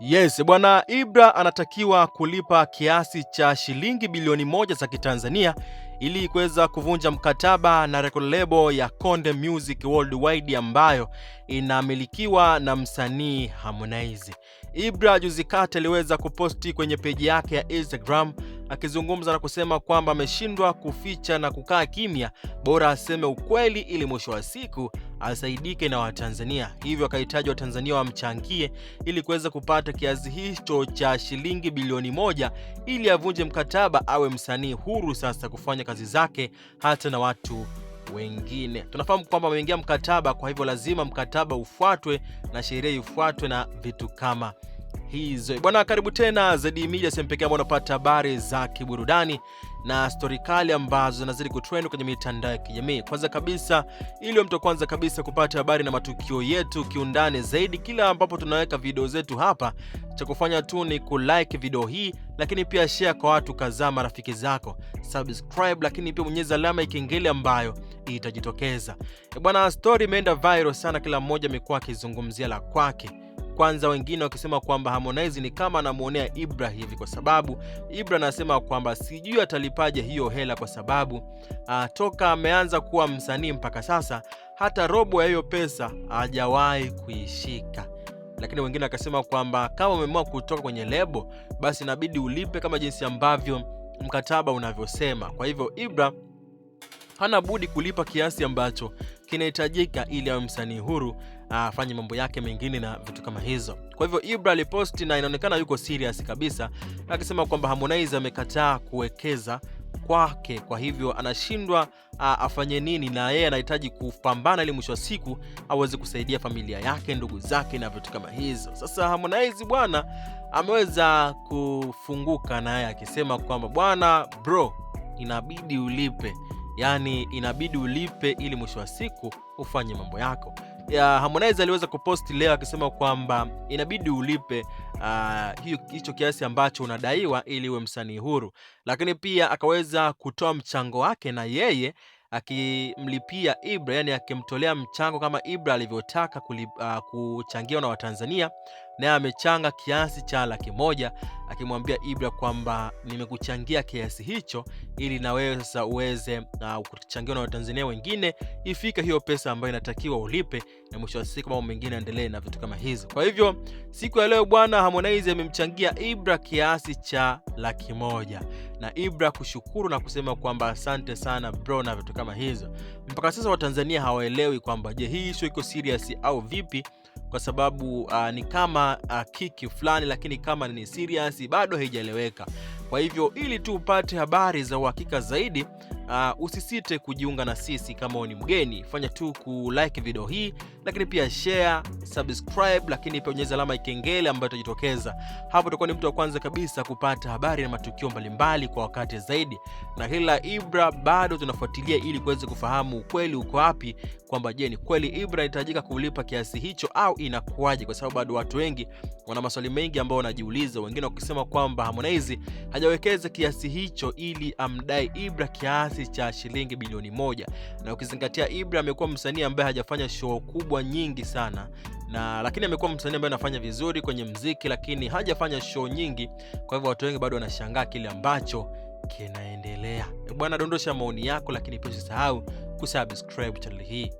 Yes, bwana Ibra anatakiwa kulipa kiasi cha shilingi bilioni moja za Kitanzania ili kuweza kuvunja mkataba na record label ya Konde Music Worldwide ambayo inamilikiwa na msanii Harmonize. Ibra juzi kati aliweza kuposti kwenye peji yake ya Instagram akizungumza na kusema kwamba ameshindwa kuficha na kukaa kimya, bora aseme ukweli ili mwisho wa siku asaidike na Watanzania. Hivyo akahitaji Watanzania wamchangie ili kuweza kupata kiasi hicho cha shilingi bilioni moja ili avunje mkataba, awe msanii huru sasa kufanya kazi zake hata na watu wengine tunafahamu kwamba wameingia mkataba, kwa hivyo lazima mkataba ufuatwe na sheria ifuatwe na vitu kama hizo. Bwana, karibu tena Zedee Media, sehemu pekee ambayo unapata habari za kiburudani na stori kali ambazo zinazidi kutrend kwenye mitandao ya kijamii. Kwanza kabisa, ili mtu kwanza kabisa kupata habari na matukio yetu kiundani zaidi, kila ambapo tunaweka video zetu hapa, cha kufanya tu ni kulike video hii, lakini pia share kwa watu kadhaa, marafiki zako, subscribe, lakini pia bonyeza alama ya kengele ambayo itajitokeza. Bwana, stori imeenda viral sana, kila mmoja amekuwa akizungumzia la kwake kwanza, wengine wakisema kwamba Harmonize ni kama anamwonea Ibra hivi, kwa sababu Ibra anasema kwamba sijui atalipaje hiyo hela, kwa sababu uh, toka ameanza kuwa msanii mpaka sasa hata robo ya hiyo pesa hajawahi kuishika lakini wengine wakasema kwamba kama umeamua kutoka kwenye lebo basi inabidi ulipe kama jinsi ambavyo mkataba unavyosema. Kwa hivyo Ibra hana budi kulipa kiasi ambacho kinahitajika ili awe msanii huru afanye mambo yake mengine na vitu kama hizo. Kwa hivyo Ibra aliposti na inaonekana yuko serious kabisa, akisema kwamba Harmonize amekataa kuwekeza kwake, kwa hivyo anashindwa afanye nini, na yeye anahitaji kupambana ili mwisho wa siku aweze kusaidia familia yake, ndugu zake na vitu kama hizo. Sasa Harmonize bwana ameweza kufunguka naye akisema kwamba bwana bro, inabidi ulipe yaani inabidi ulipe ili mwisho wa siku ufanye mambo yako ya Harmonize aliweza kuposti leo akisema kwamba inabidi ulipe ah, hiyo uh, hicho kiasi ambacho unadaiwa ili uwe msanii huru, lakini pia akaweza kutoa mchango wake na yeye akimlipia Ibra, yani akimtolea mchango kama Ibra alivyotaka uh, kuchangiwa na Watanzania naye amechanga kiasi cha laki moja akimwambia Ibra kwamba nimekuchangia kiasi hicho ili na wewe sasa uweze uh, kuchangiwa na Watanzania wengine ifike hiyo pesa ambayo inatakiwa ulipe, na mwisho wa siku mambo mengine aendelee na vitu kama hizi. Kwa hivyo siku ya leo bwana Harmonize amemchangia Ibra kiasi cha laki moja na Ibra kushukuru na kusema kwamba asante sana bro na vitu kama hizo. Mpaka sasa Watanzania hawaelewi kwamba je, hii issue iko serious au vipi? kwa sababu uh, ni kama uh, ah, kiki fulani, lakini kama ni serious bado haijaeleweka. Kwa hivyo ili tu upate habari za uhakika zaidi, uh, usisite kujiunga na sisi kama ni mgeni. Fanya tu ku like video hii, lakini pia share, subscribe, lakini pia onyeza alama ya kengele ambayo itajitokeza hapo. Utakuwa ni mtu wa kwanza kabisa kupata habari na matukio mbalimbali kwa wakati zaidi. Na hili la Ibra bado tunafuatilia ili kuweza kufahamu ukweli uko wapi kwamba je, ni kweli Ibra anahitajika kulipa kiasi hicho au inakuwaje? Kwa sababu bado watu wengi wana maswali mengi ambao wanajiuliza, wengine wakisema kwamba Harmonize hajawekeza kiasi hicho ili amdai Ibra kiasi cha shilingi bilioni moja, na ukizingatia Ibra amekuwa msanii ambaye hajafanya show kubwa nyingi sana na lakini amekuwa msanii ambaye anafanya vizuri kwenye mziki, lakini hajafanya show nyingi. Kwa hivyo watu wengi bado wanashangaa kile ambacho kinaendelea. Bwana, dondosha maoni yako, lakini pia usisahau kusubscribe channel hii.